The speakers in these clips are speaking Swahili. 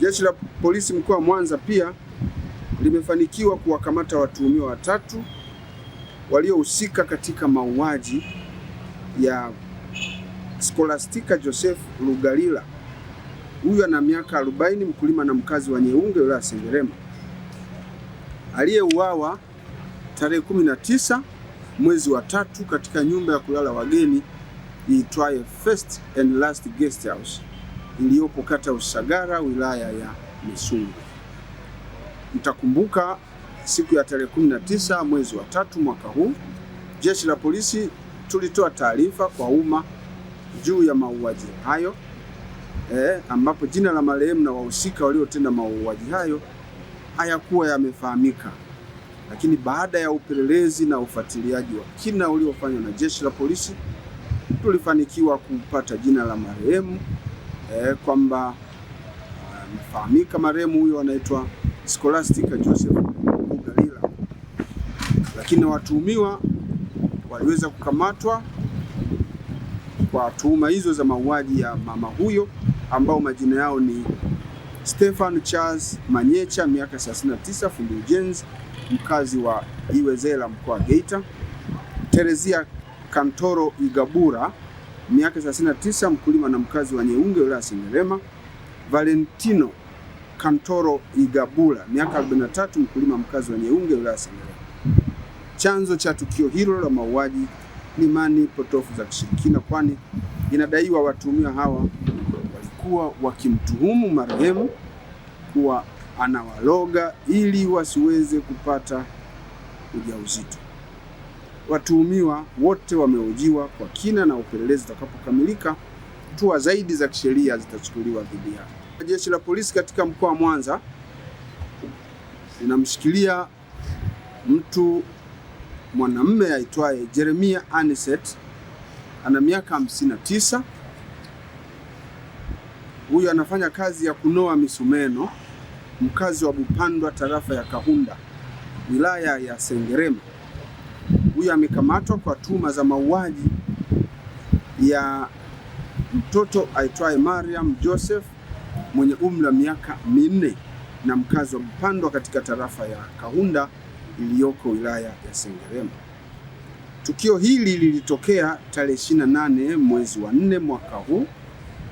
Jeshi la polisi mkoa wa Mwanza pia limefanikiwa kuwakamata watuhumiwa watatu waliohusika katika mauaji ya Scholastica Joseph Lugalila. Huyu ana miaka 40, mkulima na mkazi wa Nyeunge, wilaya ya Sengerema, aliyeuawa tarehe 19 mwezi wa tatu katika nyumba ya kulala wageni iitwayo First and Last Guest House iliyopo kata Usagara wilaya ya Misungwi. Mtakumbuka siku ya tarehe tisa mwezi wa tatu mwaka huu, jeshi la polisi tulitoa taarifa kwa umma juu ya mauaji hayo eh, ambapo jina la marehemu na wahusika waliotenda mauaji hayo hayakuwa yamefahamika, lakini baada ya upelelezi na ufuatiliaji wa kina uliofanywa na jeshi la polisi tulifanikiwa kupata jina la marehemu eh, kwamba amefahamika ah, marehemu huyo anaitwa Scholastica Joseph Mgalila, lakini watuhumiwa waliweza kukamatwa kwa tuhuma hizo za mauaji ya mama huyo ambao majina yao ni Stefan Charles Manyecha, miaka 39, fundi ujenzi, mkazi wa Iwezela, mkoa wa Geita; Terezia Kantoro Igabura miaka 39, mkulima na mkazi wa Nyeunge wilaya Sengerema. Valentino Kantoro Igabula miaka 43, mkulima mkazi wa Nyeunge wilaya Sengerema. Chanzo cha tukio hilo la mauaji ni imani potofu za kishirikina, kwani inadaiwa watuhumiwa hawa walikuwa wakimtuhumu marehemu kuwa anawaloga ili wasiweze kupata ujauzito. Watuhumiwa wote wameojiwa kwa kina na upelelezi utakapokamilika, hatua zaidi za kisheria zitachukuliwa dhidi yao. Jeshi la polisi katika mkoa wa Mwanza linamshikilia mtu mwanamume aitwaye Jeremia Aniset, ana miaka 59. Huyu anafanya kazi ya kunoa misumeno, mkazi wa Bupandwa, tarafa ya Kahunda, wilaya ya Sengerema huyo amekamatwa kwa tuhuma za mauaji ya mtoto aitwaye Mariam Joseph mwenye umri wa miaka minne na mkazi wa Mpandwa katika tarafa ya Kahunda iliyoko wilaya ya Sengerema. Tukio hili lilitokea tarehe nane mwezi wa nne mwaka huu.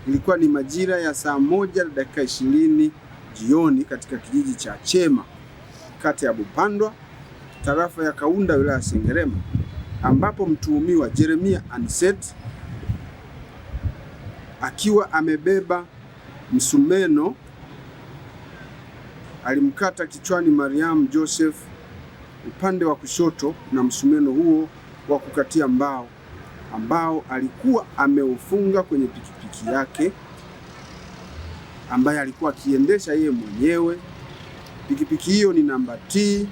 Ilikuwa ni majira ya saa moja na dakika ishirini jioni katika kijiji cha Chema kata ya Bupandwa tarafa ya Kaunda wilaya ya Sengerema ambapo mtuhumiwa Jeremia Anset akiwa amebeba msumeno alimkata kichwani Mariam Joseph upande wa kushoto na msumeno huo wa kukatia mbao ambao alikuwa ameufunga kwenye pikipiki yake ambaye alikuwa akiendesha yeye mwenyewe. Pikipiki hiyo ni namba T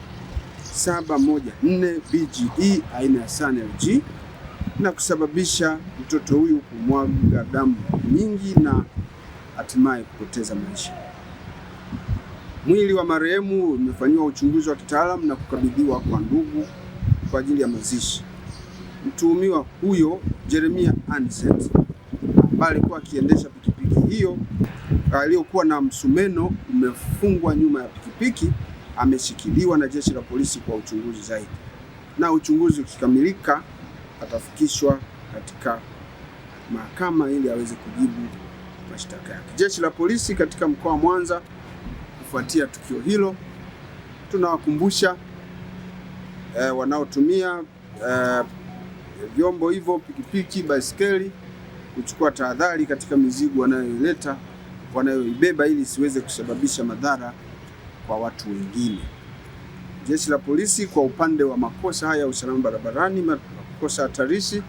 714 BGE e aina ya g na kusababisha mtoto huyu kumwaga damu nyingi na hatimaye kupoteza maisha. Mwili wa marehemu umefanyiwa uchunguzi wa kitaalamu na kukabidhiwa kwa ndugu kwa ajili ya mazishi. Mtuhumiwa huyo Jeremia Anset ambaye alikuwa akiendesha pikipiki hiyo aliyokuwa na msumeno umefungwa nyuma ya pikipiki ameshikiliwa na jeshi la polisi kwa uchunguzi zaidi, na uchunguzi ukikamilika atafikishwa katika mahakama ili aweze kujibu mashtaka yake. Jeshi la polisi katika mkoa wa Mwanza, kufuatia tukio hilo, tunawakumbusha e, wanaotumia e, vyombo hivyo, pikipiki, baiskeli, kuchukua tahadhari katika mizigo wanayoileta wanayoibeba ili isiweze kusababisha madhara kwa watu wengine. Jeshi la polisi kwa upande wa makosa haya ya usalama barabarani, makosa hatarishi,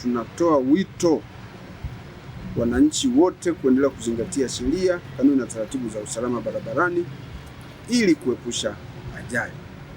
tunatoa wito wananchi wote kuendelea kuzingatia sheria, kanuni na taratibu za usalama barabarani ili kuepusha ajali.